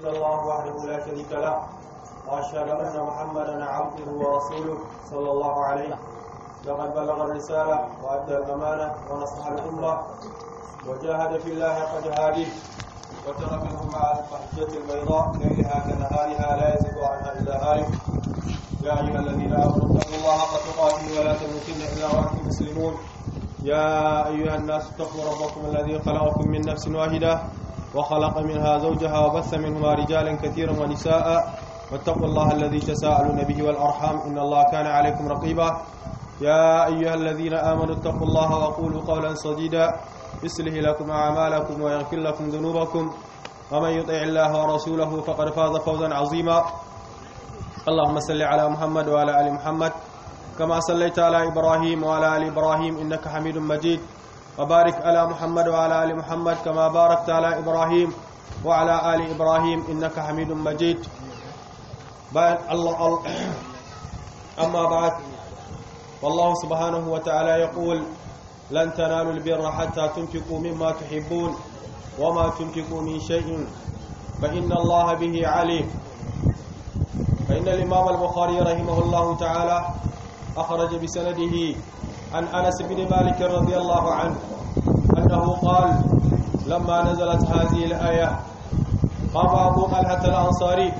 إلا الله وحده لا شريك له وأشهد أن محمدا عبده ورسوله صلى الله عليه لقد بلغ الرسالة وأدى الأمانة ونصح الأمة وجاهد في الله حق جهاده الامه على الفحشيه البيضاء ليلها كنهارها لا يزيد عنها إلا هالك يا أيها الذين آمنوا اتقوا الله حق تقاته ولا تموتن إلا وأنتم مسلمون يا أيها الناس اتقوا ربكم الذي خلقكم من نفس واحدة وخلق منها زوجها وبث منهما رجالا كثيرا ونساء واتقوا الله الذي تساءلون به والأرحام إن الله كان عليكم رقيبا يا أيها الذين آمنوا اتقوا الله وقولوا قولا سديدا يصلح لكم أعمالكم ويغفر لكم ذنوبكم ومن يطع الله ورسوله فقد فاز فوزا عظيما اللهم صل على محمد وعلى آل محمد كما صليت على إبراهيم وعلى آل إبراهيم إنك حميد مجيد وبارك على محمد وعلى آل محمد كما باركت على إبراهيم وعلى آل إبراهيم إنك حميد مجيد الله أما بعد والله سبحانه وتعالى يقول لن تنالوا البر حتى تنفقوا مما تحبون وما تنفقوا من شيء فإن الله به عليم فإن الإمام البخاري رحمه الله تعالى أخرج بسنده عن أنس بن مالك رضي الله عنه أنه قال لما نزلت هذه الآية قام أبو طلحة الأنصاري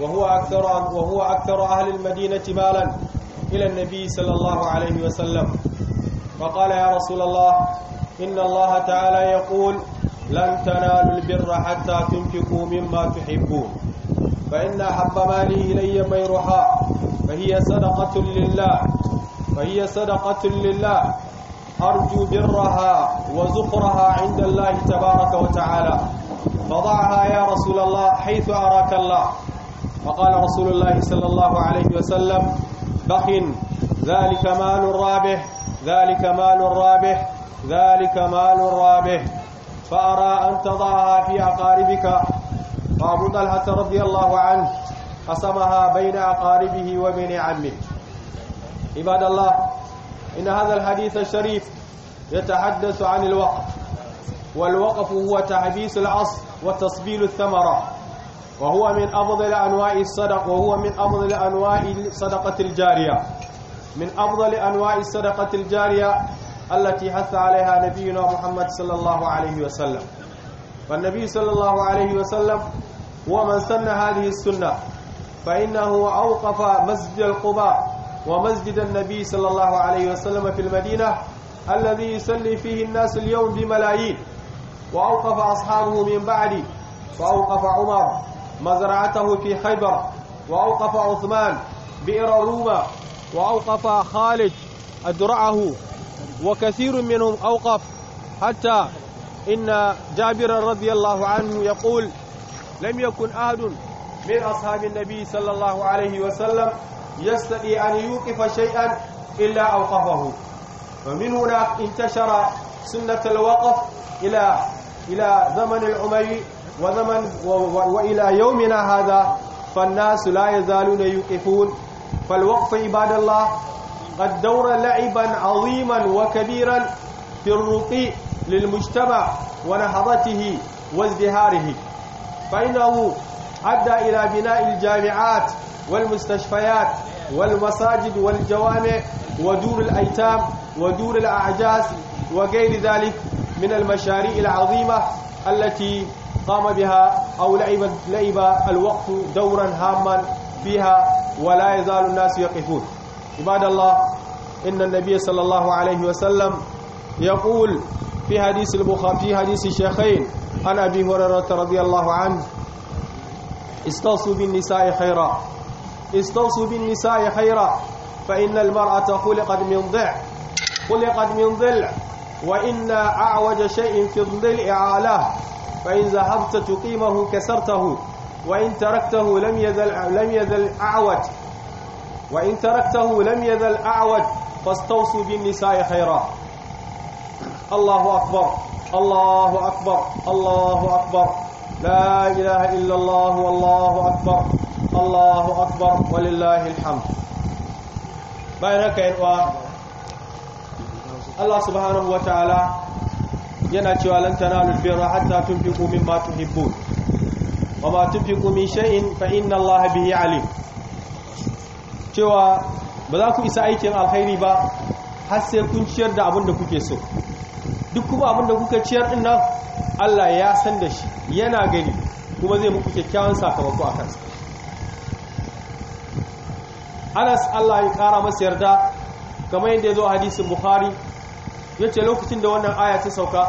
وهو أكثر وهو أكثر أهل المدينة مالا إلى النبي صلى الله عليه وسلم فقال يا رسول الله إن الله تعالى يقول لن تنالوا البر حتى تنفقوا مما تحبون فإن أحب مالي إلي ميرحا فهي صدقة لله فهي صدقة لله أرجو برها وزخرها عند الله تبارك وتعالى فضعها يا رسول الله حيث أراك الله فقال رسول الله صلى الله عليه وسلم بخ ذلك مال رابح ذلك مال رابح ذلك مال رابح فأرى أن تضعها في أقاربك فأبو طلحة رضي الله عنه قسمها بين أقاربه وبين عمه عباد الله إن هذا الحديث الشريف يتحدث عن الوقف والوقف هو تحبيس العصر وتصبيل الثمرة وهو من أفضل أنواع الصدق وهو من أفضل أنواع الصدقة الجارية من أفضل أنواع الصدقة الجارية التي حث عليها نبينا محمد صلى الله عليه وسلم فالنبي صلى الله عليه وسلم ومن سن هذه السنة فإنه أوقف مسجد القباء ومسجد النبي صلى الله عليه وسلم في المدينة الذي يصلي فيه الناس اليوم بملايين وأوقف أصحابه من بعدي وأوقف عمر مزرعته في خيبر وأوقف عثمان بئر روما وأوقف خالد أدرعه وكثير منهم أوقف حتى إن جابر رضي الله عنه يقول لم يكن أحد من أصحاب النبي صلى الله عليه وسلم يستطيع أن يوقف شيئا إلا أوقفه ومن هنا انتشر سنة الوقف إلى إلى زمن العمي وزمن وإلى يومنا هذا فالناس لا يزالون يوقفون فالوقف عباد الله قد دور لعبا عظيما وكبيرا في الرقي للمجتمع ونهضته وازدهاره فإنه أدى إلى بناء الجامعات والمستشفيات والمساجد والجوامع ودور الأيتام ودور الأعجاز وغير ذلك من المشاريع العظيمة التي قام بها أو لعب, لعب الوقت دورا هاما فيها ولا يزال الناس يقفون عباد الله إن النبي صلى الله عليه وسلم يقول في حديث البخاري في حديث الشيخين عن أبي هريرة رضي الله عنه استوصوا بالنساء خيرا استوصوا بالنساء خيرا فإن المرأة خلقت من ضع خلقت من ضلع وإن أعوج شيء في الضلع أعلاه فإن ذهبت تقيمه كسرته وإن تركته لم يذل لم يذل أعوج وإن تركته لم يذل أعوج فاستوصوا بالنساء خيرا الله أكبر الله أكبر الله أكبر لا إله إلا الله والله أكبر Allahu akbar walillahi alhamd bayan haka yawa Allah subhanahu wataala yana cewa lan tanalu birra hatta tunfiqu mimma tuhibbun wama tunfiqu min shay'in fa inna Allaha bihi alim cewa ba za ku isa aikin alkhairi ba har sai kun ciyar da abin da kuke so duk kuma abin da kuka ciyar din nan Allah ya san da shi yana gani kuma zai muku kyakkyawan sakamako a kansa anas allah ya kara masa yarda kamar yadda ya zo hadisin bukhari ya ce lokacin da wannan aya ta sauka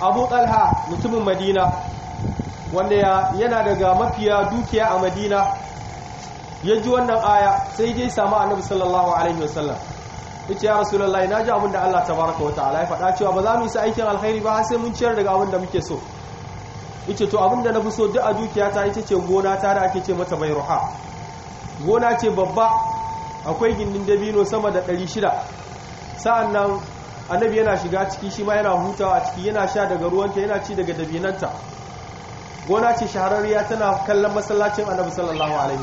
abu ɗalha mutumin madina wanda ya yana daga mafiya dukiya a madina ya ji wannan aya sai dai samu annabi sallallahu alaihi wasallam yace ya rasulullahi na ji abinda da Allah tabaraka wa ta'ala ya faɗa cewa ba za mu isa aikin alkhairi ba sai mun ciyar daga abin da muke so yace to abin da na fi so duk a dukiya ta ita ce gona ta da ake ce mata ruha gona ce babba akwai gindin dabino sama da 600 sa'an nan annabi yana shiga ciki shi ma yana hutawa a ciki yana sha daga ruwanta yana ci daga dabinanta gona ce shahararriya tana kallon masallacin annabi sallallahu alaihi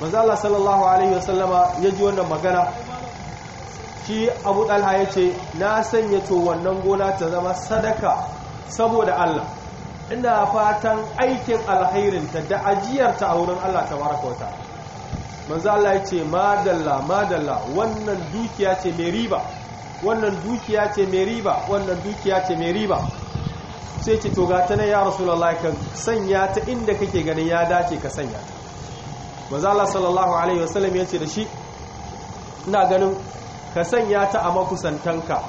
wasallam manzo sallallahu alaihi wasallama ya ji wannan magana shi Abu Talha ya ce na sanya to wannan gona ta zama sadaka saboda Allah ina fatan aikin ta da ajiyarta a wurin Allah ta wa wata manzo Allah ya ce madalla madalla wannan dukiya ce mai riba wannan dukiya ce mai riba wannan dukiya ce mai riba sai ce to ga ta nan ya rasulullahi ka sanya ta inda kake ganin ya dace ka sanya ta manzo Allah sallallahu alaihi wasallam ya ce da shi ina ganin ka sanya ta a makusantanka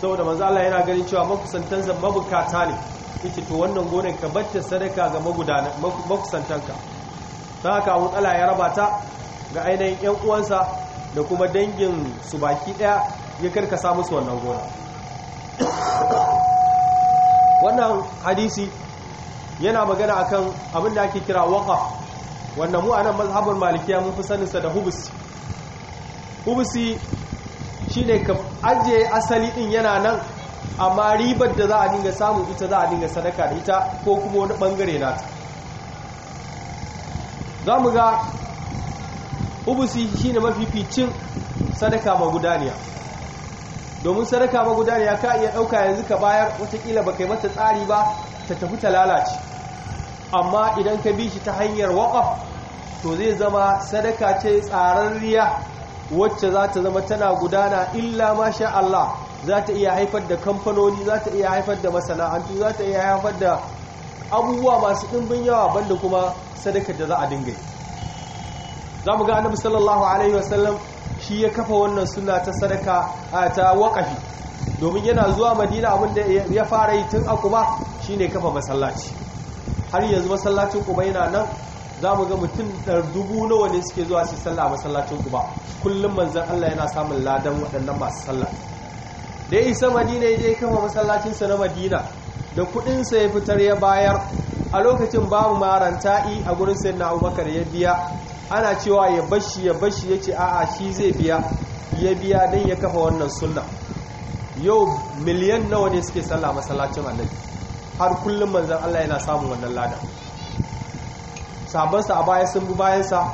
saboda manzo Allah yana ganin cewa makusantansa mabukata ne yace to wannan gonar ka bacce sadaka ga magudanan makusantanka za haka abu tsala ya raba ta ga ainihin yan uwansa da kuma dangin su baki daya ya karka sa musu wannan gona wannan hadisi yana magana akan abin da ake kira waka wannan mu anan mazhabar malikiya mun fi saninsa da hubusi hubusi shine ka ajiye asali din yana nan amma ribar da za a dinga samun ita za a dinga sadaka da ita ko kuma wani bangare na ta. za mu ga ubusi shi shine mafificin sadaka magudaniya domin sadaka magudaniya ka iya ɗauka yanzu ka bayar watakila ba kai mata tsari ba ta tafi ta lalace amma idan ka bi shi ta hanyar waƙaf to zai zama sadaka ce tsararriya wacce za ta zama tana gudana illa masha Allah za ta iya haifar da kamfanoni za ta iya haifar da masana'antu za ta iya haifar da abubuwa masu ɗimbin yawa banda kuma sadakar da za a dinga za mu ga annabi sallallahu alaihi wasallam shi ya kafa wannan suna ta sadaka ta waƙafi domin yana zuwa madina abin da ya fara yi tun akuba shine kafa masallaci har yanzu masallacin kuba yana nan za mu ga mutum dubu nawa ne suke zuwa su sallah a masallacin kuba kullum manzan allah yana samun ladan waɗannan masu sallah da ya isa madina ya je kama masallacinsa na madina da kudinsa ya fitar ya bayar a lokacin babu ta'i a gurin na abubakar ya biya ana cewa ya bashi ya bashi ya ce a'a shi zai biya ya biya don ya kafa wannan sunna yau miliyan nawa ne suke sallah masallacin annabi har kullum manzan Allah yana samun wannan lada sabonsa a baya sun bi bayansa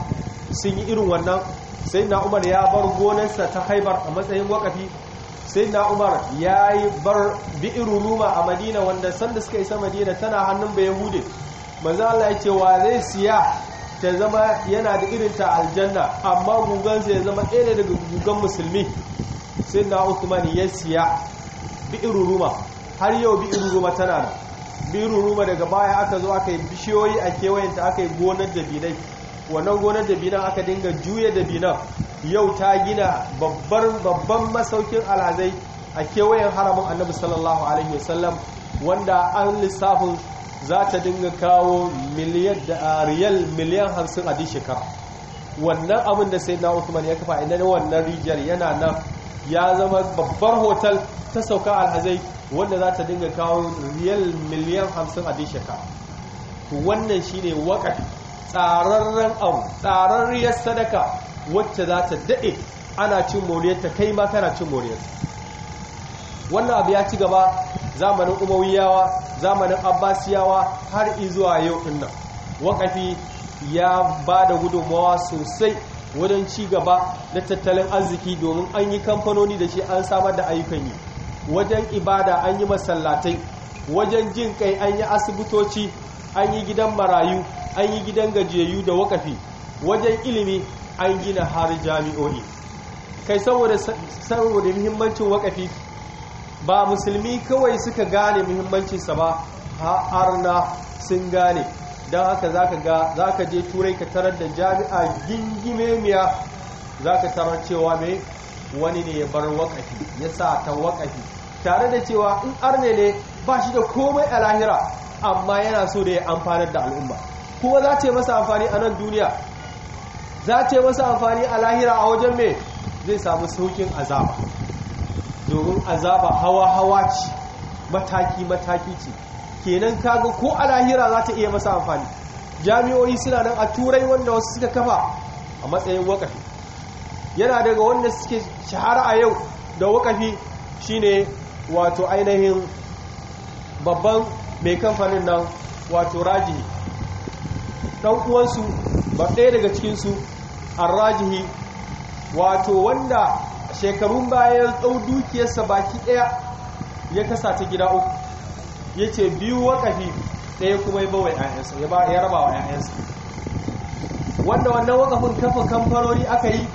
sun yi irin wannan sai na umar ya bar gonarsa ta haibar a matsayin wakafi na umar ya yi bar bi'iru ruma a madina wanda sanda suka isa madina tana hannun bai hude maza Allah ya ce wa zai siya ta zama yana da irin ta aljanna amma gugan ya zama ɗaya daga gugan musulmi sai na ya siya bi'iru ruma har yau bi'iru ruma tana da bi'iru ruma daga baya aka zo aka yi bishiyoyi a kewayenta aka yi gonar da bidai wannan gonar da binan aka dinga juya dabinan yau ta gina babban masaukin alazai a kewayen haramun annabi sallallahu alaihi wasallam wanda an lissafin za ta dinga kawo riyal miliyan hamsin a duk shekara wannan abin da sai na Uthman ya kafa inda wannan rijiyar yana nan ya zama babbar hotel ta sauka alhazai wanda za ta dinga kawo riyal miliyan hamsin a duk shekara wannan shine wakar tsararren abu tsararriyar sadaka wacce za ta daɗe ana cin ta, kai ma kana cin moriyarta wannan abu ya ci gaba zamanin umawiyawa zamanin abbasiyawa har izuwa yau ɗin nan wakafi ya ba da gudunmawa sosai wajen ci gaba na tattalin arziki domin an yi kamfanoni da shi an samar da ayyukan yi wajen ibada an yi masallatai wajen jin kai an yi asibitoci an yi gidan marayu an yi gidan gajiyayyu da wakafi wajen ilimi an gina har jami'o'i kai saboda saboda muhimmancin wakafi ba musulmi kawai suka gane muhimmancinsa ba har na sun gane don haka za ka je turai ka tarar da jami'a gingime miya za ka tarar cewa mai wani ne ya bar wakafi ya sa ta wakafi tare da cewa in arne ne ba shi da komai a lahira amma yana so da ya amfanar da al'umma kuma za ta masa amfani a nan duniya za ta masa amfani a lahira a wajen mai zai samu saukin azaba domin azaba hawa-hawa ce mataki-mataki ce kenan kaga ko a lahira za ta iya masa amfani jami'o'i suna nan a turai wanda wasu suka kafa a matsayin wakafi yana daga wanda suke shahara a yau da wakafi shine wato ainihin babban mai kamfanin nan wato rajini dan uwansu ba ɗaya daga cikinsu arrajihi wato wanda shekarun bayan tsau dukiyarsa baki ɗaya ya kasa ta gida uku ya ce biyu waƙafi ɗaya kuma ya bawa ‘ya'yansa ya raba wa ‘ya'yansa wanda wannan waƙafin kafa kamfanoni aka yi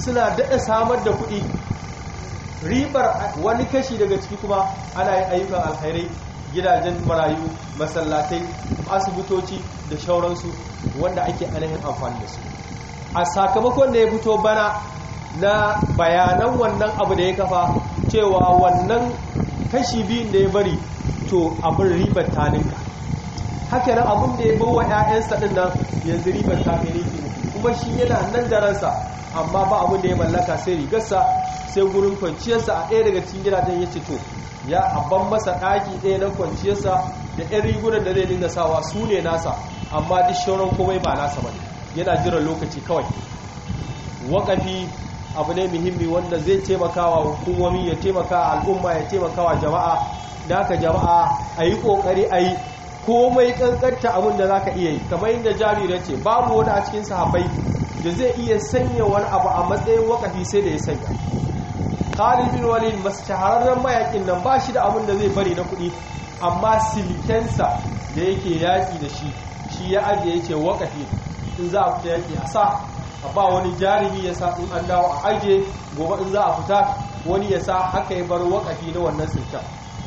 suna daɗa samar da kuɗi ribar wani kashi daga ciki kuma ana yi ayyukan alkhairai gidajen marayu masallatai asibitoci da shauransu wanda ake ainihin amfani da su a sakamakon da ya fito bana na bayanan wannan abu da ya kafa cewa wannan kashi biyun da ya bari to abin ribar taninka. haka nan abin da ya bawa 'ya'yansa ɗin nan yanzu ribar ta kai kuma shi yana nan da ransa amma ba abin da ya mallaka sai rigarsa sai gurin kwanciyarsa a ɗaya daga cikin gidajen ya ce to ya abban masa ɗaki ɗaya na kwanciyarsa da ɗan rigunan da zai dinga sawa su ne nasa amma duk shauran komai ba nasa ba yana jiran lokaci kawai waƙafi abu ne muhimmi wanda zai taimakawa hukumomi ya taimaka al'umma ya taimakawa jama'a da aka jama'a a yi ƙoƙari a yi komai ƙanƙanta abin da za ka iya yi kamar yadda ya ce babu wani a cikin sahabbai da zai iya sanya wani abu a matsayin wakafi sai da ya sanya Khalid bin Walid shahararren mayakin nan ba shi da abin da zai bari na kuɗi amma silkensa da yake yaƙi da shi shi ya ajiye yake ce in za a fita yaƙi a sa a ba wani jarumi ya sa in an dawo a ajiye gobe in za a fita wani ya sa haka ya bar wakafi na wannan silken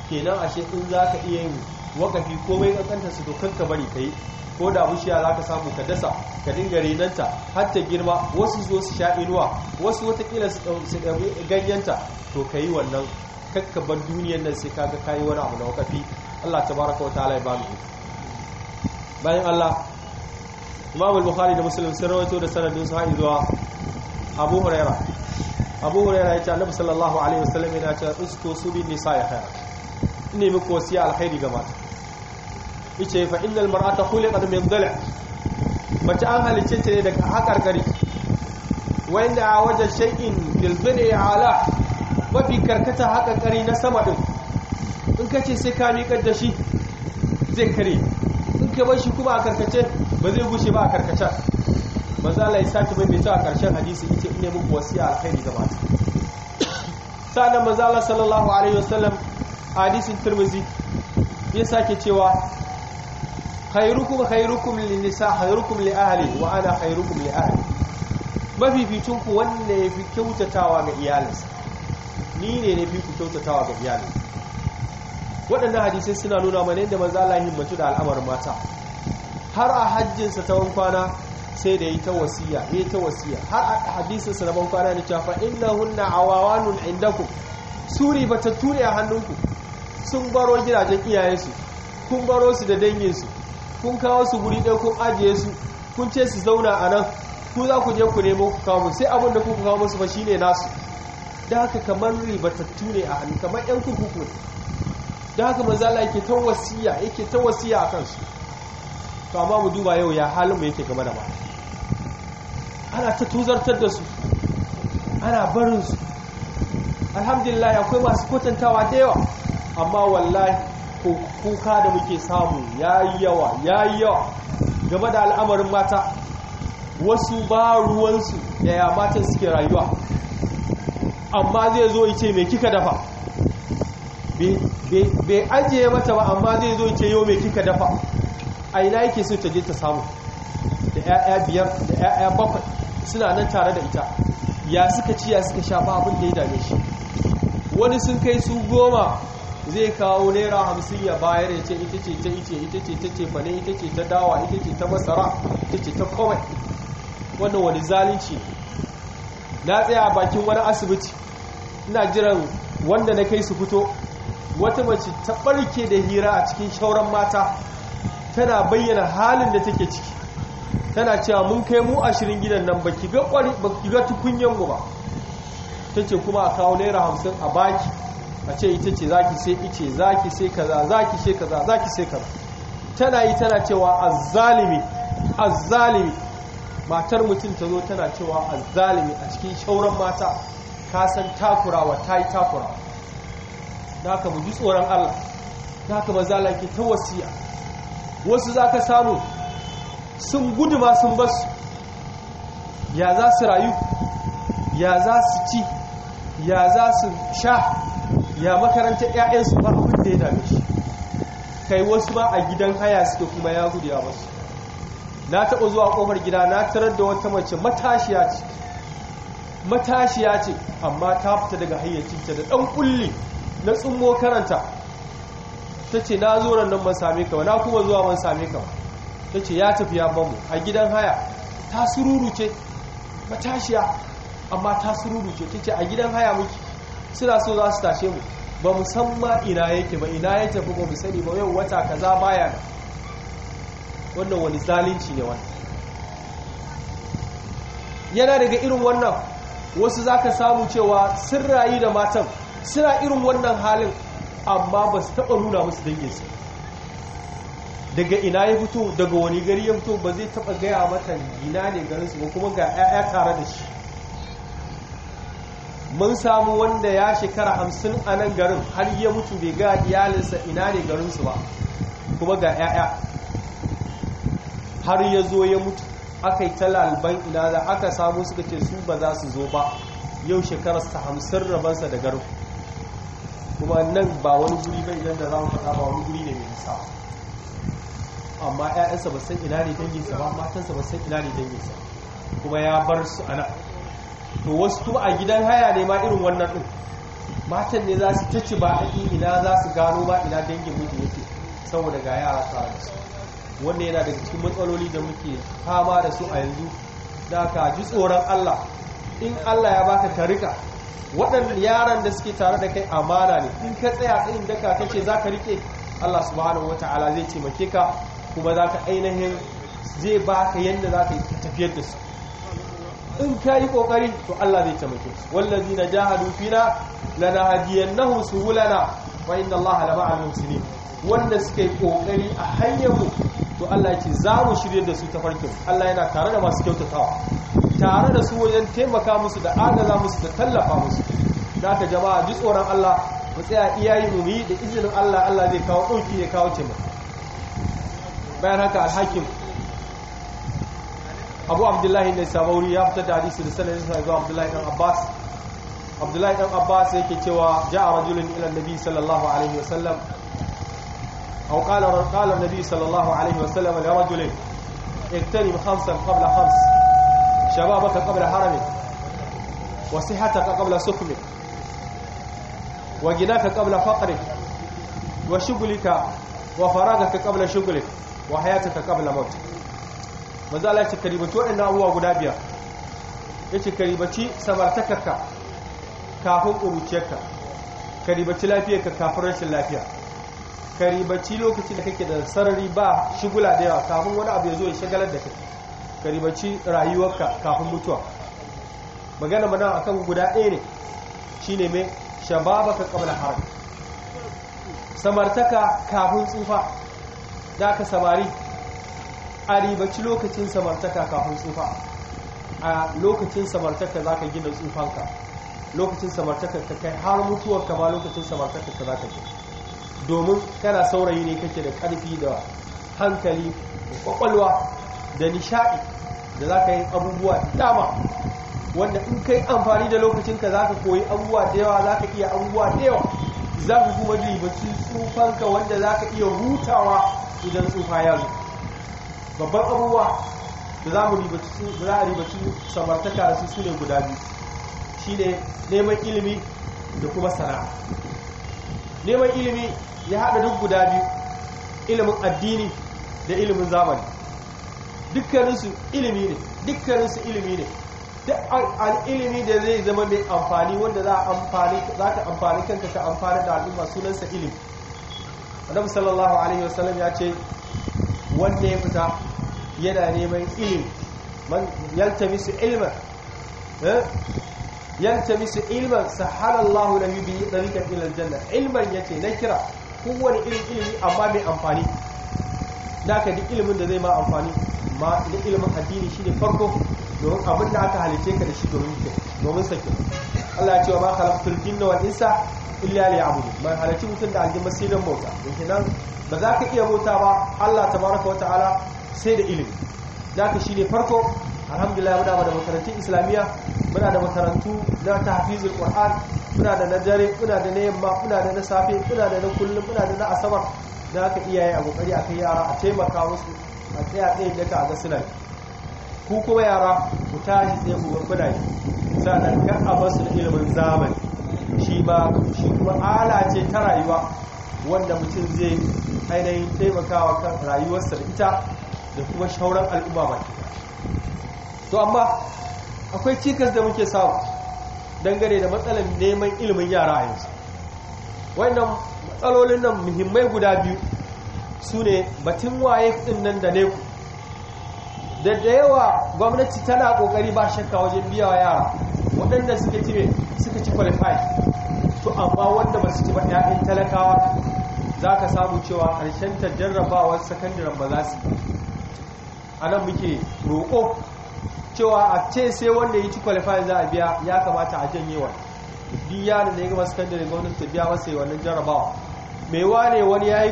kenan ashe in za ka iya yin waƙafi komai ƙanƙanta su to kanka bari ka yi ko da bishiya za ka samu ka dasa ka dinga renanta har ta girma wasu zo su sha inuwa wasu watakila su ɗabi ganyenta to ka yi wannan kakkaban duniyan nan sai ka ga kayi wani abu na wakafi Allah tabaraka wata ala ya ba mu bayan Allah Imam al-Bukhari da Muslim sun rawaito da sanadin su har zuwa Abu Huraira Abu Huraira yace Annabi sallallahu alaihi wasallam yana cewa usko su bi nisa ya khair ne muku wasiya alkhairi ga mata yace fa innal mar'ata khuliqat min dhala mace an halice ta ne daga hakarkari wanda a wajen shay'in bil dhili ala mafi karkata hakarkari na sama din in kace sai ka miƙar da shi zai kare in ka bar shi kuma a karkace ba zai gushe ba a karkace manzo Allah ya saki mai mai a karshen hadisi yace ina muku wasiya alkhairi gaba sa'an manzo Allah sallallahu alaihi wasallam hadisin Tirmidhi ya sake cewa khairukum khairukum lin nisa khairukum li ahli wa ana khairukum li ahli mafificin ku wanda yafi kyautatawa ga iyalinsa ni ne ne fi ku kyautatawa ga iyalinsa waɗannan hadisai suna nuna mana yadda manzo Allah himmatu da al'amarin mata har a hajjinsa ta wankwana sai da yi ta wasiya yi ta wasiya har a hadisin sa na bankwana ne cewa innahunna awawanun indakum suri bata ture a hannunku sun baro gidajen iyayensu kun baro su da danginsu kun kawo su guri ɗaya kun ajiye su kun ce su zauna a nan ku za ku je ku nemo ku kawo sai abin da kuka kawo musu ba shine nasu da haka kamar ribatattu ne a hannu kamar yan kurkuku da haka manzala yake ta wasiya yake ta wasiya a kansu to amma mu duba yau ya halin mu yake game da ba ana ta tuzartar da su ana barin su alhamdulillah akwai masu kwatantawa da yawa amma wallahi kuka da muke samu ya yi yawa ya yi yawa game da al'amarin mata wasu ba ruwansu da ya matan suke rayuwa amma zai zo ce mai kika dafa bai ajiye mata ba amma zai zo ce yau mai kika dafa a ina yake su ta je ta samu da 'ya'ya biyar da 'ya'ya bakwai suna nan tare da ita ya suka ci ya suka shafa abin da ya dame shi wani sun kai su goma zai kawo naira hamsin ya bayar ya ce ita ce ta ice ita ce ta ce fane ita ce ta dawa ita ce ta masara ita ce ta kome wannan wani zalunci ne na tsaya bakin wani asibiti ina jiran wanda na kai su fito wata mace ta barke da hira a cikin shauran mata tana bayyana halin da take ciki tana cewa mun kai mu ashirin gidan nan baki ga kwari baki ga tukunyan mu ba ce kuma a kawo naira hamsin a baki a ce ita ce zaki sai ice zaki sai kaza zaki sai kaza zaki sai kaza tana yi tana cewa azzalimi azzalimi matar mutum ta zo tana cewa azzalimi a cikin shauran mata ka san takurawa ta yi takurawa da aka mu tsoron Allah da ba zala ke ta wasiya wasu za ka samu sun gudu ma sun basu ya za su rayu ya za su ci ya za su sha ya makarantar ƴaƴansu ba abin da ya dame shi kai wasu ba a gidan haya suke kuma ya gudu ya wasu na taɓa zuwa ƙofar gida na tarar da wata mace matashiya ce matashiya ce amma ta fita daga hayyacinta da ɗan ƙulli na tsummo karanta ta ce na zo ran nan man same ka na kuma zuwa ban same ka ta ce ya tafi ya bamu a gidan haya ta sururu ce matashiya amma ta sururu ce ta ce a gidan haya muke suna so za su tashe mu ba musamman ina yake ba ina ya tafi ba mu sani ba yau wata kaza baya wannan wani zalunci ne wani. yana daga irin wannan wasu za ka samu cewa sun rayu da matan suna irin wannan halin amma ba su taɓa nuna musu danginsu daga ina ya fito daga wani gari ya fito ba zai taɓa gaya mata ina ne garinsu ba kuma ga 'ya'ya tare da shi mun samu wanda ya shekara hamsin a nan garin har ya mutu bai ga iyalinsa ina ne garinsu ba kuma ga 'ya'ya har ya zo ya mutu aka yi talalban ina da aka samu suka ce su ba za su zo ba yau shekararsa hamsin rabansa da garin kuma nan ba wani guri bai idan da za mu faɗa ba wani guri ne mai nisa amma 'ya'yansa ba san ina ne danginsa ba matansa ba san ina ne danginsa kuma ya bar su a nan to wasu a gidan haya ne ma irin wannan ɗin matan ne za su ta ci ba ina za su gano ba ina dangin miji yake saboda ga yara tare da su wannan yana daga cikin matsaloli da muke fama da su a yanzu da ka ji tsoron Allah in Allah ya baka ka rika waɗanda yaran da suke tare da kai amana ne in ka tsaya tsayin daka ta ce za ka rike Allah subhanahu wata'ala zai taimake ka kuma za ka ainihin zai baka yadda za ka tafiyar da su in ka yi kokari to Allah zai taimake su wallazi na jahadu fina lana hadiyannahu suhulana wa inna Allah la ma'al muslimin wanda suka yi kokari a hanyar mu to Allah ce za mu shirye da su ta farkin Allah yana tare da masu kyautatawa tare da su wajen taimaka musu da agaza musu da tallafa musu da jama'a ji tsoron Allah mu tsaya iyayi mu yi da izinin Allah Allah zai kawo ɗauki ya kawo taimako bayan haka alhakim abu Abdullah ne sabori ya fitar da hadisi da sanadin sa ga Abdullah ibn abbas Abdullah ibn abbas yake cewa ja'a rajulun ila nabi sallallahu alaihi wa sallam aw qala qala nabi sallallahu alaihi wa wasallam li rajulin qabla harami wa sihhataka qabla sukmi wa وصحتك qabla faqri wa shughlika wa faragaka qabla قبل wa hayataka qabla موتك manzo Allah ya ce karibatu abubuwa guda biyar yace karibaci samartakarka kafin ƙuruciyarka karibaci lafiyarka kafin rashin lafiya karibaci lokacin da kake da sarari ba shigula da yawa kafin wani abu ya zo ya shagalar da kai karibaci rayuwarka kafin mutuwa magana mana akan guda ɗaya ne shine mai ka qabla haram samartaka kafin tsufa da ka samari a ribaci lokacin samartaka kafin tsufa a lokacin samartaka za ka gina tsufanka lokacin samartaka ka kai har mutuwar ka ba lokacin samartaka ka za ka gina domin kana saurayi ne kake da karfi da hankali da kwakwalwa da nishaɗi da za ka yi abubuwa dama wanda in kai amfani da lokacinka za ka koyi abubuwa da yawa za ka iya abubuwa da yawa za ka kuma ribaci tsufanka wanda za ka iya hutawa idan tsufa ya zo babban abubuwa da za mu ribaci samartaka da su su ne guda biyu shi ne neman ilimi da kuma sana'a neman ilimi ya haɗa duk guda biyu ilimin addini da ilimin zamani dukkaninsu ilimi ne dukkaninsu ilimi ne duk ilimi da zai zama mai amfani wanda za ka amfani kanka ka amfani da al'umma sunansa ilimi annabi sallallahu alaihi wasallam ya ce wanda ya fita yana neman ilimi man yaltamisu ilman eh? yaltamisu ilman da lahu bi tariqan janna aljanna ilman ce na kira kowane irin ilimi amma mai amfani na ka duk ilimin da zai ma amfani ma da ilimin addini shine farko domin abin da aka halice ka da shi domin ke domin sake Allah ya ce wa ma khalaqtul jinna wal insa illa liya'budun mai halarci mutum da aljima sai don bauta nan ba za ka iya bauta ba Allah tabaraka wa ta'ala sai da ilimi zaka shine farko alhamdulillah muna da makarantun islamiyya muna da makarantu na tahfizul qur'an muna da na dare muna da na yamma muna da na safe muna da na kullum muna da na asabar da aka yi a kokari akai yara a taimaka musu a tsaya tsaye daga a ga ku kuma yara ku tashi sai ku kuna shi sannan ka a basu da ilimin zamani shi ba shi kuma ala ce ta rayuwa wanda mutum zai ainihin taimakawa kan rayuwarsa da ita da kuma shauran al'umma ba to amma akwai cikas da muke samu dangane da matsalar neman ilimin yara a yanzu wannan matsalolin nan muhimmai guda biyu su ne batun waye din nan da ne da da yawa gwamnati tana kokari ba shakka wajen biya wa yara waɗanda suka ci suka ci qualify to amma wanda ba su ci ba ƴaƴan talakawa za ka samu cewa ƙarshen ta jarrabawar sakandaren ba za su a nan muke roƙo cewa a ce sai wanda ya ci qualify za a biya ya kamata a janye wa duk yaron da ya gama gwamnati ta biya masa wannan jarrabawa mai wane wani ya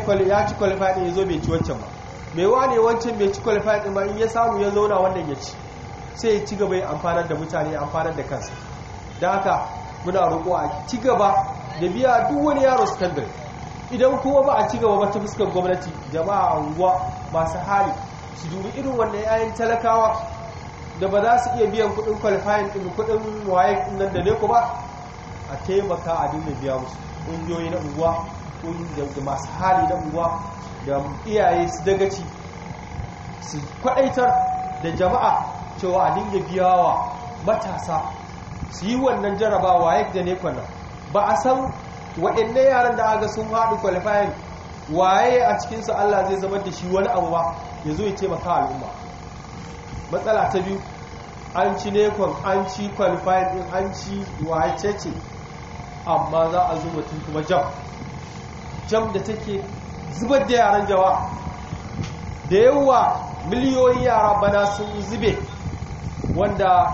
ci kwalifai ɗin ya zo bai ci wancan ba mai wane wancan mai ci qualified din ba in ya samu ya zauna wannan ya ci sai ya ci gaba ya amfanar da mutane ya amfanar da kansa da haka muna roƙo a ci gaba da biya duk wani yaro standard idan kuma ba a ci gaba ba ta fuskar gwamnati jama'a unguwa masu hali su dubi irin wannan yayin talakawa da ba za su iya biyan kuɗin qualifying in kuɗin waye nan da ne ba a taimaka a dinga biya musu ƙungiyoyi na unguwa da masu hali na uwa da iyaye su dagaci su kwaɗaitar da jama'a cewa a dinga biya wa matasa su yi wannan jarabawa yadda ne kwanan ba a san waɗanne yaran da aga sun haɗu kwalifayin waye a cikinsu Allah zai zama da shi wani abu ba ya zo ya ce maka al'umma matsala ta biyu an ci nekon an ci kwalifayin ɗin an ci waye ce amma za a zo mutum kuma jam jam da take zubar da yaran jawa da yawa miliyoyin yara bana sun zube wanda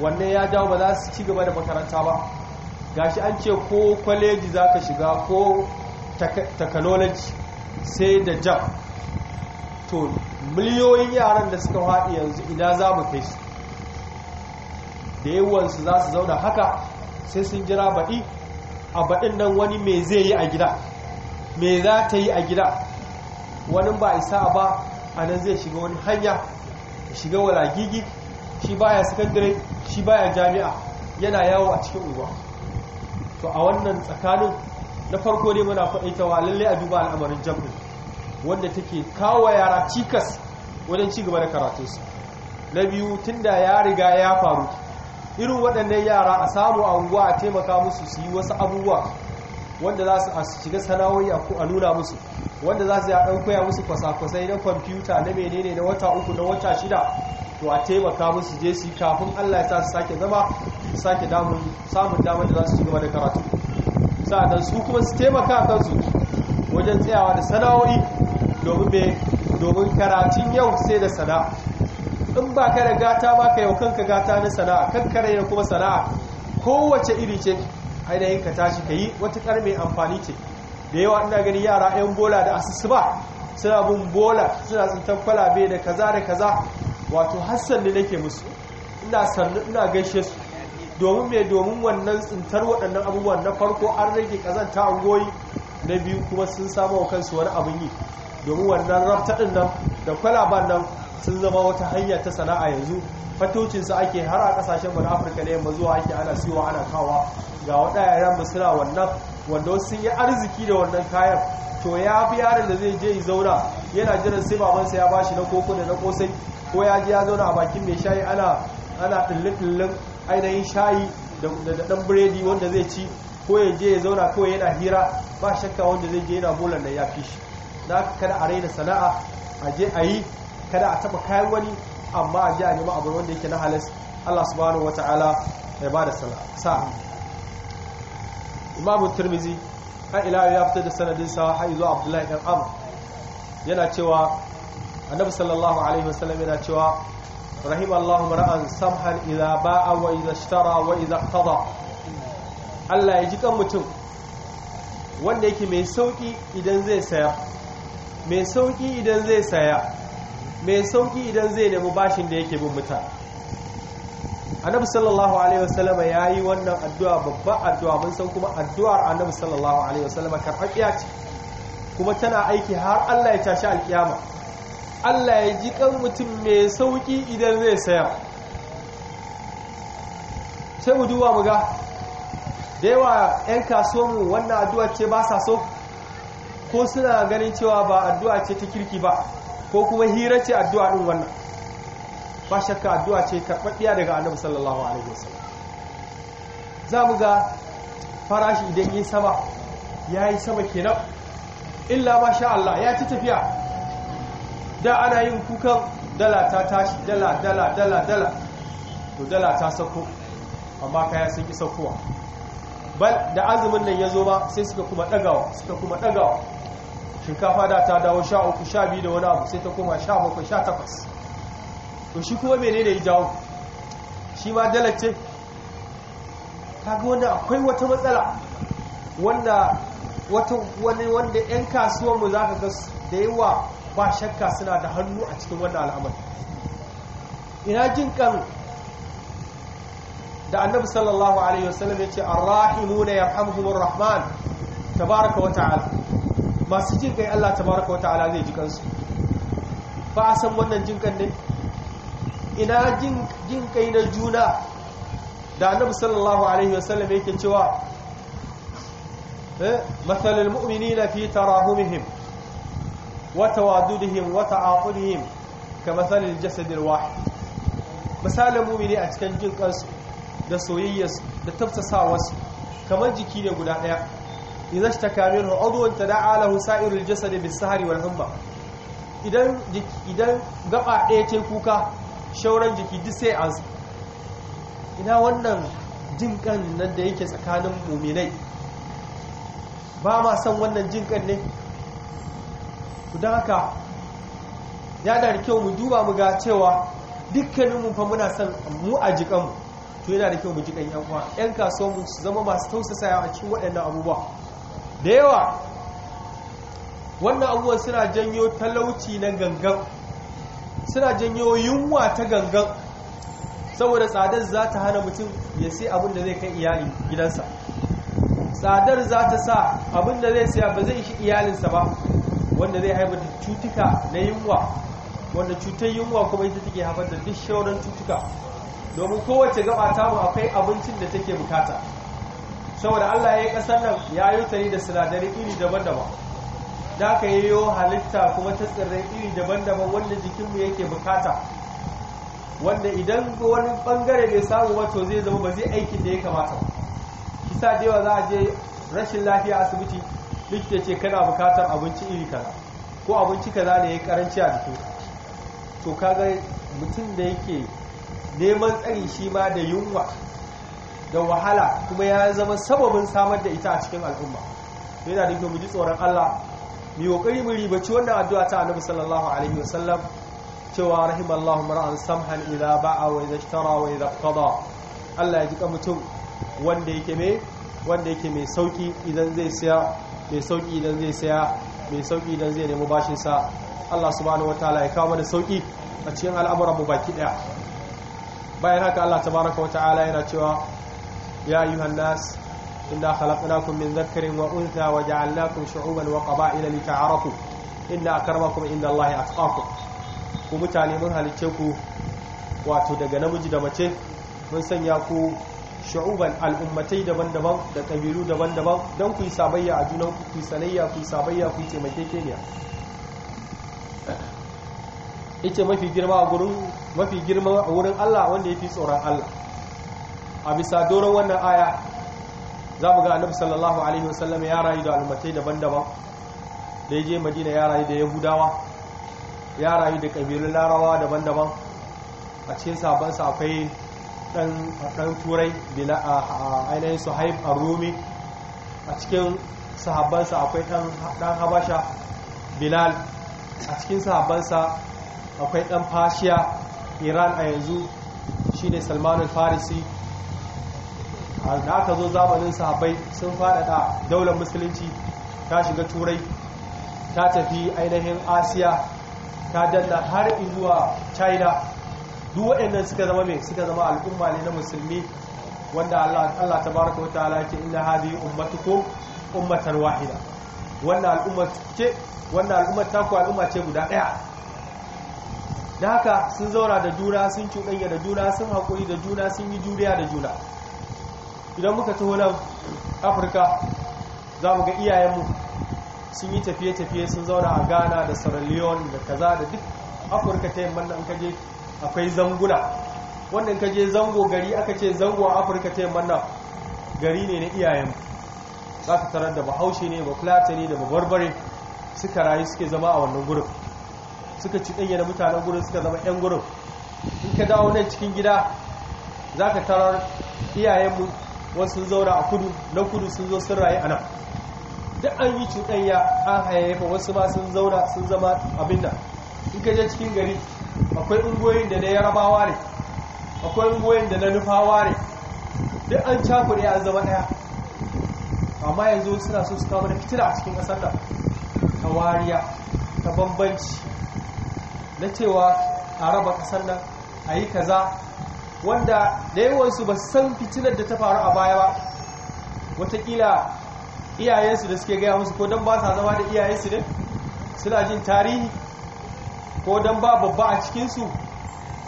wannan ya jawo ba za su ci gaba da makaranta ba gashi an ce ko kwaleji za ka shiga ko technology sai da jam to miliyoyin yaran da suka haɗi yanzu ina za mu kai su da yawansu za su zauna haka sai sun jira baɗi a baɗin nan wani mai zai yi a gida me za ta yi a gida wani ba a isa ba a nan zai shiga wani hanya shiga walagigi shi baya sakandare shi baya jami'a yana yawo a cikin uba to a wannan tsakanin na farko ne muna faɗaitawa lallai a duba al'amarin jam'in wanda take kawo wa yara cikas wajen ci gaba da karatunsu na biyu tunda ya riga ya faru irin waɗannan yara a samu unguwa a taimaka musu su yi wasu abubuwa wanda za su shiga sana'o'i a nuna musu wanda za su ya dan koya musu kwasa-kwasai na kwamfuta na menene na wata uku na wata shida to a taimaka musu je su kafin Allah ya sa su sake zama su sake samun damar da za su ci gaba da karatu sa'adan su kuma su taimaka kansu wajen tsayawa da sana'o'i domin karatun yau sai da sana'a in ba ka da gata ba ka yau kanka gata na sana'a kankare da kuma sana'a kowace iri ce ainihin ka tashi ka yi watakar mai amfani ce da yawa ina gani yara 'yan bola da asusu ba suna bin bola suna tsintar kwalabe da kaza da kaza wato hassan ne nake musu ina sannu ina gaishe su domin mai domin wannan tsintar waɗannan abubuwan na farko an rage kazanta an goyi na biyu kuma sun samu wa kansu wani abin yi domin wannan rafta ɗin nan da kwalaban nan sun zama wata hanya ta sana'a yanzu fatocinsu ake har a kasashen Wani afirka da yamma zuwa ake ana siyowa ana kawa ga waɗayayen musula wannan wanda sun yi arziki da wannan kayan to ya fi yaron da zai je yi zauna yana jiran sai babansa ya bashi na koko da na kosai ko ya ji ya zauna a bakin mai shayi ana ana ɗullin ainihin shayi da ɗan biredi wanda zai ci ko ya je ya zauna kawai yana hira ba shakka wanda zai je yana bolan da ya fi shi na kada a raina sana'a a je a yi kada a taba kayan wani amma a ji a nemi abu wanda yake na halis, Allah subhanahu wata'ala ya ba da sa imamu turmizi har ila ya fitar da sanadin sa har zuwa abdullahi dan amr yana cewa annabi sallallahu alaihi wasallam yana cewa rahim Allahu mar'an samhan idza ba'a wa idza ishtara wa idza iqtada Allah ya ji kan mutum wanda yake mai sauki idan zai saya mai sauki idan zai saya mai sauki idan zai nemi bashin da yake bin mutane annabi sallallahu alaihi wasallam ya yi wannan addu'a babban addu'a mun san kuma addu'ar annabi sallallahu alaihi wasallam karfafiya ce kuma tana aiki har Allah ya tashi alkiyama Allah ya ji kan mutum mai sauki idan zai saya sai mu duba mu ga da yawa 'yan mu wannan addu'a ce ba sa so ko suna ganin cewa ba addu'a ce ta kirki ba ko kuma hira ce addu'a ɗin wannan ba shakka addu'a ce karɓaɓɓiya daga annabi sallallahu alaihi wasallam za mu ga farashi idan yi sama ya yi sama kenan illa ma sha Allah ya ci tafiya da ana yin kukan dala ta tashi dala dala dala dala to dala ta sako amma kaya sun ki saukowa bal da azumin nan ya zo ba sai suka kuma ɗagawa suka kuma ɗagawa shinkafa da ta dawo sha uku sha biyu da wani abu sai ta koma sha bakwai sha takwas to shi kuma mene ne ya jawo shi ma dalace, ta ga wanda akwai wata matsala wanda wata wani wanda 'yan kasuwanmu za ka ga da yawa ba shakka suna da hannu a cikin wannan al'amari ina jin kan da annabi sallallahu alaihi wasallam ya ce arrahimuna yarhamhumur rahman tabaraka wa ta'ala masu jin kai Allah tabaraka wata'ala zai ji kansu ba a san wannan jin kan ne ina jin kai na juna da annabi sallallahu alaihi wasallam yake cewa eh, mathalul mu'minina fi tarahumihim wa tawadudihim wa ta'aqulihim ka mathalil jasadil wahid misalin mu'mini a cikin jin kansu da soyayyarsu da tafsasawarsu kamar jiki ne guda daya idza ishtaka minhu udwan tada'a lahu sa'irul jasadi bis-sahri wal-humma idan idan gaba ɗaya ce kuka shauran jiki duk sai azu ina wannan jin nan da yake tsakanin mu'minai ba ma san wannan jin kan ne don haka ya da kyau mu duba mu ga cewa dukkaninmu fa muna san mu a jikanmu to yana da kyau mu jikan yan uwa yan kasuwanmu su zama masu tausasa a cikin waɗannan abubuwa da yawa wannan abubuwan suna janyo talauci na gangan suna janyo yunwa ta gangan saboda tsadar za ta hana mutum ya sai abin zai kai iyali gidansa tsadar za ta sa abin da zai siya ba zai ishi iyalinsa ba wanda zai haifar da cutuka na yunwa wanda cutar yunwa kuma ita take haifar da duk shauran cutuka domin kowace gaba tamu akwai abincin da take bukata saboda Allah ya yi ƙasar nan ya yi tari da sinadarai iri daban-daban da aka yi yiwu halitta kuma ta tsirrai iri daban-daban wanda jikinmu yake bukata wanda idan wani bangare bai samu wato zai zama ba zai aikin da ya kamata kisa da yawa za a je rashin lafiya asibiti likita ce kana bukatar abinci iri kaza ko abinci kaza ne ya karanci a jiki to kaga mutum da yake neman tsari shi ma da yunwa da wahala kuma ya zama sababin samar da ita a cikin al'umma yana da dinka mu ji tsoron Allah mu kokari mu ribaci wannan addu'a ta Annabi sallallahu alaihi wasallam cewa rahimallahu mar'an samhan idza ba'a wa idza ishtara wa idza qada Allah ya jika mutum wanda yake mai wanda yake mai sauki idan zai saya mai sauki idan zai saya mai sauki idan zai nemi bashin sa Allah subhanahu wataala ya kawo da sauki a cikin al'amuran mu baki daya bayan haka Allah tabaraka wataala yana cewa يا أيها الناس إنا خلقناكم من ذكر وأنثى وجعلناكم شعوبا وقبائل لتعارفوا إن أكرمكم إن الله أتقاكم ومتاني من هالتشوكو wato daga namiji da mace mun sanya ku sha'uban al'ummatai daban-daban da ƙabilu daban-daban don ku yi a junan ku sanayya ku yi sabayya ku ita mafi girma a wurin Allah wanda ya fi tsoron Allah a bisa doron wannan aya za mu ga annabi sallallahu alaihi wasallam ya rayu da almatai daban-daban da ya je madina ya rayu da yahudawa ya rayu da kabilun larawa daban-daban a cikin sabansa akwai dan turai a ainihin suhaib a rumi a cikin sahabbansa akwai dan habasha bilal a cikin sahabbansa akwai dan fashiya iran a yanzu shine salman al-farisi da aka zo zamanin sahabbai sun faɗaɗa daular musulunci ta shiga turai ta tafi ainihin asiya ta danna har zuwa china duk waɗannan suka zama mai suka zama al'umma ne na musulmi wanda Allah ta baraka wata alaƙi inda haɗe hadhihi ummatukum ummatan wahida wanda al'ummar taku ce guda ɗaya da haka sun zaura da juna sun cuɗanya da juna sun haƙuri da juna sun yi juriya da juna idan muka taho nan afirka za mu ga iyayenmu sun yi tafiye-tafiye sun zauna a ghana da sierra leone da kaza da duk afirka ta yamman nan kaje akwai zanguna wannan kaje zango gari aka ce zango a afirka ta yamman nan gari ne na iyayenmu za ka tarar da bahaushe ne bafulata ne da barbare suka rayu suke zama a wannan gurin suka ci ɗanya da mutanen gurin suka zama 'yan gurin in ka dawo nan cikin gida za ka tarar iyayenmu wasu sun zauna a kudu na kudu sun zo sun raye a nan duk an yi cuɗanya an hayayyafa wasu ma sun zauna sun zama abin nan in ka je cikin gari akwai ungoyin da na yarabawa ne akwai ungoyin da na nufawa ne duk an cakuɗe an zama ɗaya amma yanzu suna so su kama da fitila a cikin ƙasar nan ta wariya ta bambanci na cewa a raba ƙasar nan a yi kaza wanda da yawansu ba san fitilar da ta faru a baya ba watakila iyayensu da suke gaya musu ko don ba sa zama da iyayensu ne suna jin tarihi ko don ba babba a cikinsu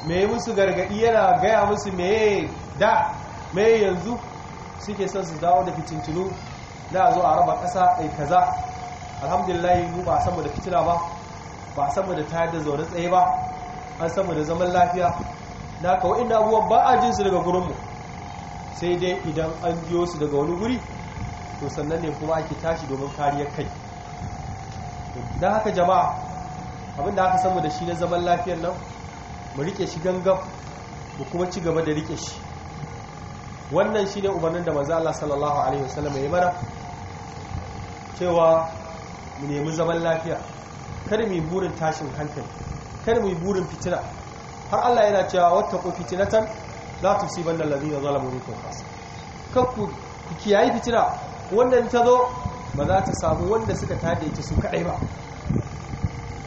mai musu gargaɗi yana gaya musu mai da mai yanzu suke son su dawo da fitintunu na zo a raba ƙasa ai kaza alhamdulillah yi ba a da fitina ba ba samu da tayar da zaune tsaye ba an saboda zaman lafiya da kawai inda abubuwan ba a jin su daga gurinmu sai dai idan an biyo su daga wani guri to sannan ne kuma ake tashi domin kariyar kai don haka jama'a abinda aka samu da shi na zaman lafiyar nan mu rike shi gangan mu kuma ci gaba da rike shi wannan shi ne umarnin da maza Allah sallallahu alaihi wasallam ya mana cewa mu nemi zaman lafiya kada mu yi burin tashin hankali kada mu yi burin fitina har Allah yana cewa wata ko fitinatan la tusiban allazina zalamu minkum khas kakku ku kiyaye fitina wannan ta zo ba za ta samu wanda suka tada ita su kadai ba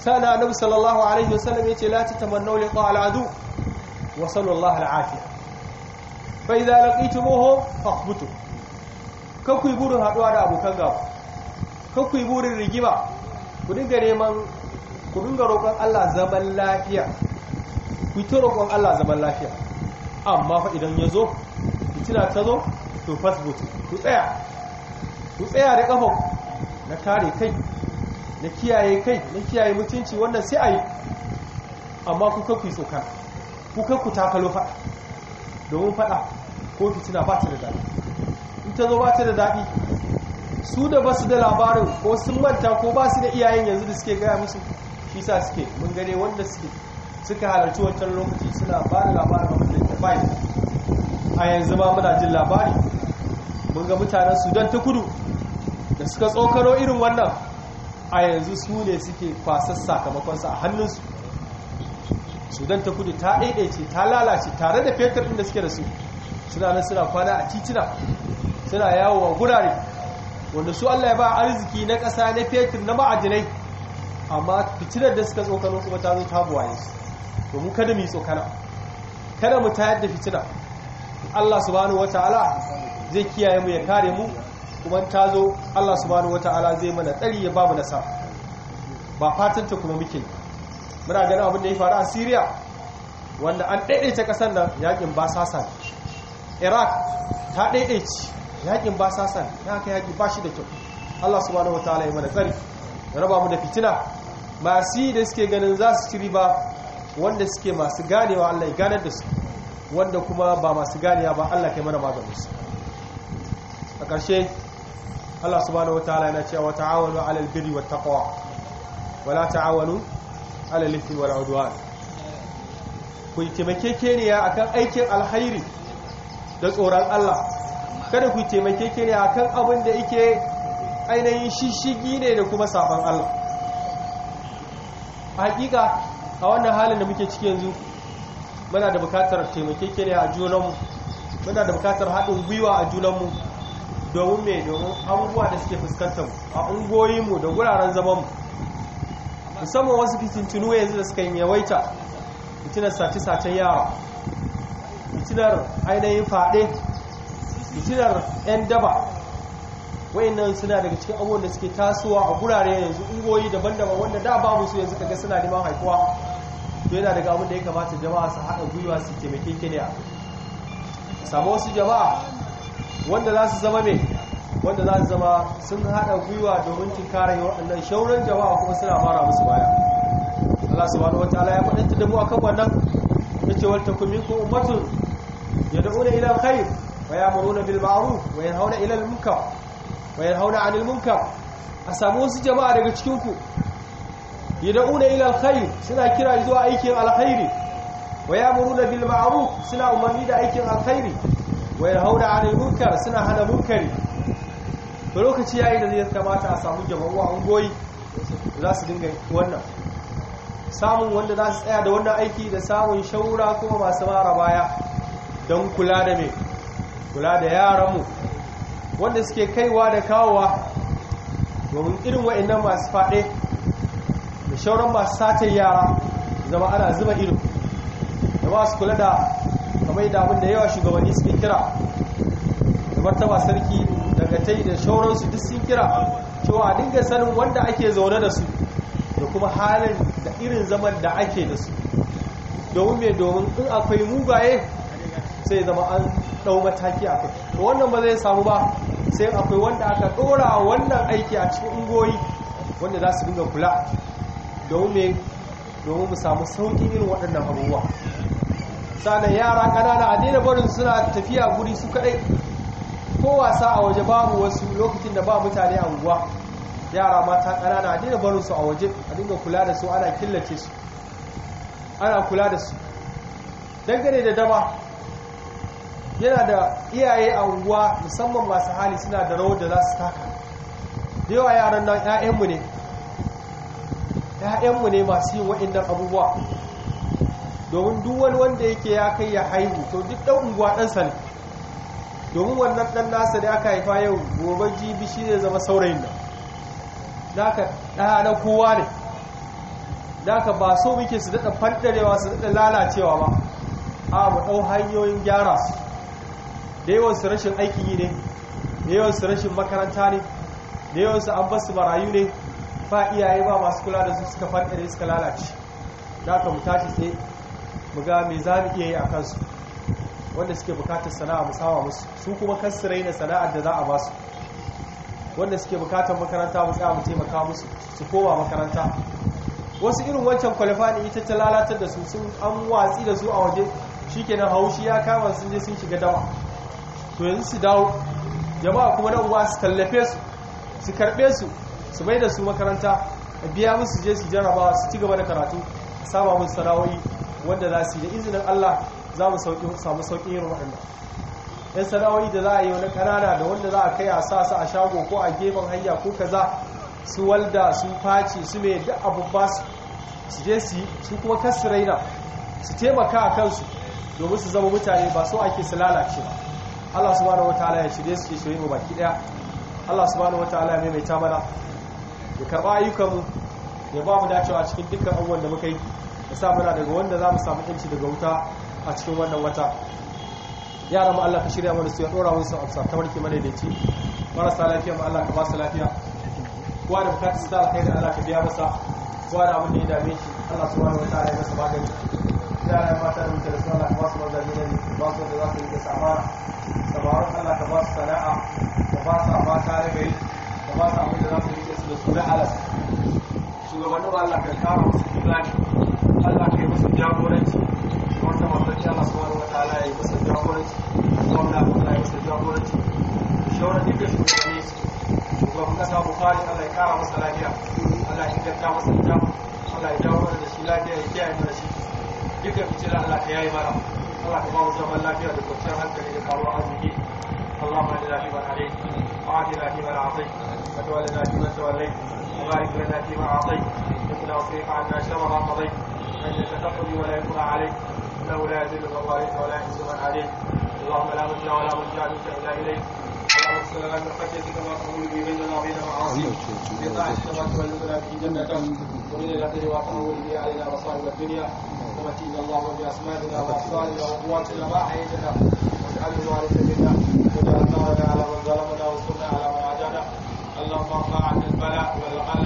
sana annabi sallallahu alaihi wasallam yace la tatamannu liqa al'adu wa sallallahu al'afiya ta idza laqitumuhu fakhbutu yi burin haduwa da abokan gaba yi burin rigima ku dinga neman ku dinga roƙon Allah zaman lafiya ku ta roƙon Allah zaman lafiya amma fa idan ya zo fitina ta zo to fasbut ku tsaya ku tsaya da kafa na kare kai na kiyaye kai na kiyaye mutunci wannan sai a yi amma kuka ku yi ku kuka ku takalo faɗa domin faɗa ko fitina ba ta da daɗi in ta zo ba ta da daɗi su da ba su da labarin ko sun manta ko ba su da iyayen yanzu da suke gaya musu shi sa suke mun gane wanda suke suka halarci wancan lokaci suna ba da labarin abin da ke bai a yanzu ma muna jin labari mun ga mutanen sudan ta kudu da suka tsokano irin wannan a yanzu su ne suke kwasar sakamakonsa a hannunsu sudan ta kudu ta ɗaiɗaice ta lalace tare da fetur ɗin da suke da su suna nan suna kwana a titina suna yawo a gurare wanda su allah ya ba arziki na ƙasa na fetur na ma'adinai amma fitinar da suka tsokano kuma ta zo ta buwaye su to mu kada mu yi tsokana kada mu tayar da fitina Allah subhanahu wataala zai kiyaye mu ya kare mu kuma ta zo Allah subhanahu wataala zai mana tsari ya ba mu nasa ba fatan ta kuma muke muna ganin abin da ya faru a Syria wanda an daidaita kasar nan yakin ba sasa Iraq ta ci yakin ba sasa ya kai yaki ba shi da kyau Allah subhanahu wataala ya mana tsari ya raba mu da fitina masu yi da suke ganin za su ci riba wanda suke masu ganewa Allah ya ganar da su wanda kuma ba masu ganewa ba Allah kai mana maganin su a ƙarshe Allah subhanahu wataala yana cewa ta'awanu 'alal birri wat taqwa wala ta'awanu 'alal ithmi wal 'udwan ku taimakekeniya akan aikin alhairi da tsoron Allah kada ku taimakekeniya akan abin da yake ainihin shishigi ne da kuma sabon Allah hakika a wannan halin da muke ciki yanzu muna da bukatar taimakekeniya a junanmu muna da bukatar haɗin gwiwa a junanmu domin mai domin abubuwa da suke fuskantar a ungoyinmu da guraren zamanmu musamman wasu fitintunu yanzu da suka yi yawaita fitinar sace-sacen yawa, fitinar ainihin faɗe fitinar 'yan daba wayannan suna daga cikin abubuwan da suke tasowa a gurare yanzu ungoyi daban-daban wanda da babu su yanzu kaga suna neman haifuwa to yana daga abin da ya kamata jama'a su haɗa gwiwa su taimake kiniya samu wasu jama'a wanda za su zama mai wanda za su zama sun haɗa gwiwa domin tinkara yi waɗannan shauran jama'a kuma suna fara musu baya Allah wani wata ya faɗanta da mu kan wannan ce wal kumi ko ummatun yad'una ila alkhair wa ya'muruna bil wa ya ila al munkar wa hauna 'anil munka a samu wasu jama'a daga cikinku. yad'una ila alkhair suna kira zuwa aikin alkhairi wa ya'muruna bil ma'ruf suna umarni da aikin alkhairi wa yanhauna 'anil munkar suna hana munkari to lokaci yayi da zai kamata a samu jama'u an goyi za su dinga wannan samun wanda za su tsaya da wannan aiki da samun shaura kuma masu mara baya don kula da mai kula da yaranmu wanda suke kaiwa da kawowa domin irin wa'annan masu faɗe sauran masu satin yara zama ana zuba ido da ba su kula da kamar da abin da yawa shugabanni suke kira da martaba sarki daga yi da shauransu duk sun kira cewa a dinga sanin wanda ake zaune da su da kuma halin da irin zaman da ake da su domin mai domin in akwai mugaye sai zama an ɗau mataki a kai wannan ba zai samu ba sai akwai wanda aka ɗora wannan aiki a cikin ungoyi wanda za su dinga kula domin domin mu samu saukin irin waɗannan abubuwa sannan yara ƙanana a daina barin suna tafiya guri su kaɗai ko wasa a waje babu wasu lokacin da ba mutane a unguwa yara mata ƙanana a daina barin su a waje a dinga kula da su ana killace su ana kula da su dangane da dama yana da iyaye a unguwa musamman masu hali suna da rawar da za su taka da yawa yaran nan 'ya'yanmu ne ‘ya'yanmu ne masu yin waɗannan abubuwa domin duwal wanda yake ya kai ya haihu to duk ɗan unguwa ɗansa ne domin wannan ɗan nasa da aka haifa yau gobe jibi shi ne zama saurayin nan daga ɗana na kowa ne daga ba so muke su daɗa fantarewa su daɗa lalacewa ba a mu ɗau hanyoyin gyara su da yawansu rashin aiki ne da yawansu rashin makaranta ne da yawansu an basu marayu ne ba iyaye ba masu kula da su suka faɗi suka lalace da ka mu tashi sai mu ga me za mu iya yi a kansu wanda suke bukatar sana'a mu sawa musu su kuma kansu raina sana'ar da za a basu wanda suke bukatar makaranta mu tsaya mu taimaka musu su koma makaranta wasu irin wancan kwalifani ita ta lalatar da su sun an watsi da su a waje shi shikenan haushi ya kama sun je sun shiga dawa to yanzu su dawo jama'a kuma na uwa su tallafe su su karɓe su su bai da su makaranta a biya musu je su jarabawa su ci gaba da karatu a sama musu sana'o'i wanda za su yi da izinin Allah za mu samu sauƙin yin waɗanda yan sana'o'i da za a yi wani kanana da wanda za a kai a sa su a shago ko a gefen hanya ko kaza su walda su faci su mai duk abu ba su je su yi su kuma kasu raina su taimaka a kansu domin su zama mutane ba so ake su lalace ba Allah subhanahu ala ya shirye su ke shirye mu baki daya Allah subhanahu ala ya maimaita mana ya karba ayyukanmu ya ba mu dacewa cikin dukkan abubuwan da muka yi ya sa muna daga wanda za mu samu yanci daga wuta a cikin wannan wata yaran mu Allah ka shirya mana su ya dora musu amsa ta warke mana da marasa lafiya mu Allah ka ba su lafiya kowa da bukatar su da alkhairi Allah ka biya masa kowa da abin da ya dame shi Allah subhanahu wataala ya masa magani yaran mata da muke da su Allah ka ba su mazaje ne ba su da za su yi da samara sabarun Allah ka ba su sana'a ka ba su amata da gari ka ba su abin da za su yi da tsura halas shugabannin Allah ka kama musu imani Allah ka yi musu jagoranci wanda mafarki Allah subhanahu wata ala ya yi musu jagoranci gwamna Allah ya yi musu jagoranci shawarar da bai shugabanni shugaban kasa Bukhari Allah ya kara masa lafiya Allah ya inganta masa ita Allah ya dawo da shi lafiya ya kiyaye mana shi duka fitila Allah ka yayi mana Allah ka ba mu zaman lafiya da kwanciyar hankali da kawo arziki اللهم اهدنا فيمن هديت وعافنا فيما اعطيت وتولنا فيمن توليت وبارك لنا فيما اعطيت وقنا واصرف عنا شر ما قضيت فانك تقضي ولا يقضى عليك انه لا يزيد من واليت ولا يعز من عليك اللهم لا ملجا ولا ملجا منك الا اليك اللهم صل على من خشيتك ما تقول به بيننا وبين معاصيك بطاعتك ما تولدنا به جنتك ومن الاخره وقول به علينا مصائب الدنيا ومتينا الله باسمائنا وابصارنا وقواتنا ما احييتنا واجعله الوارث منا من ظلمنا وانصرنا على ما عادانا اللهم ارفع عنا البلاء والغلاء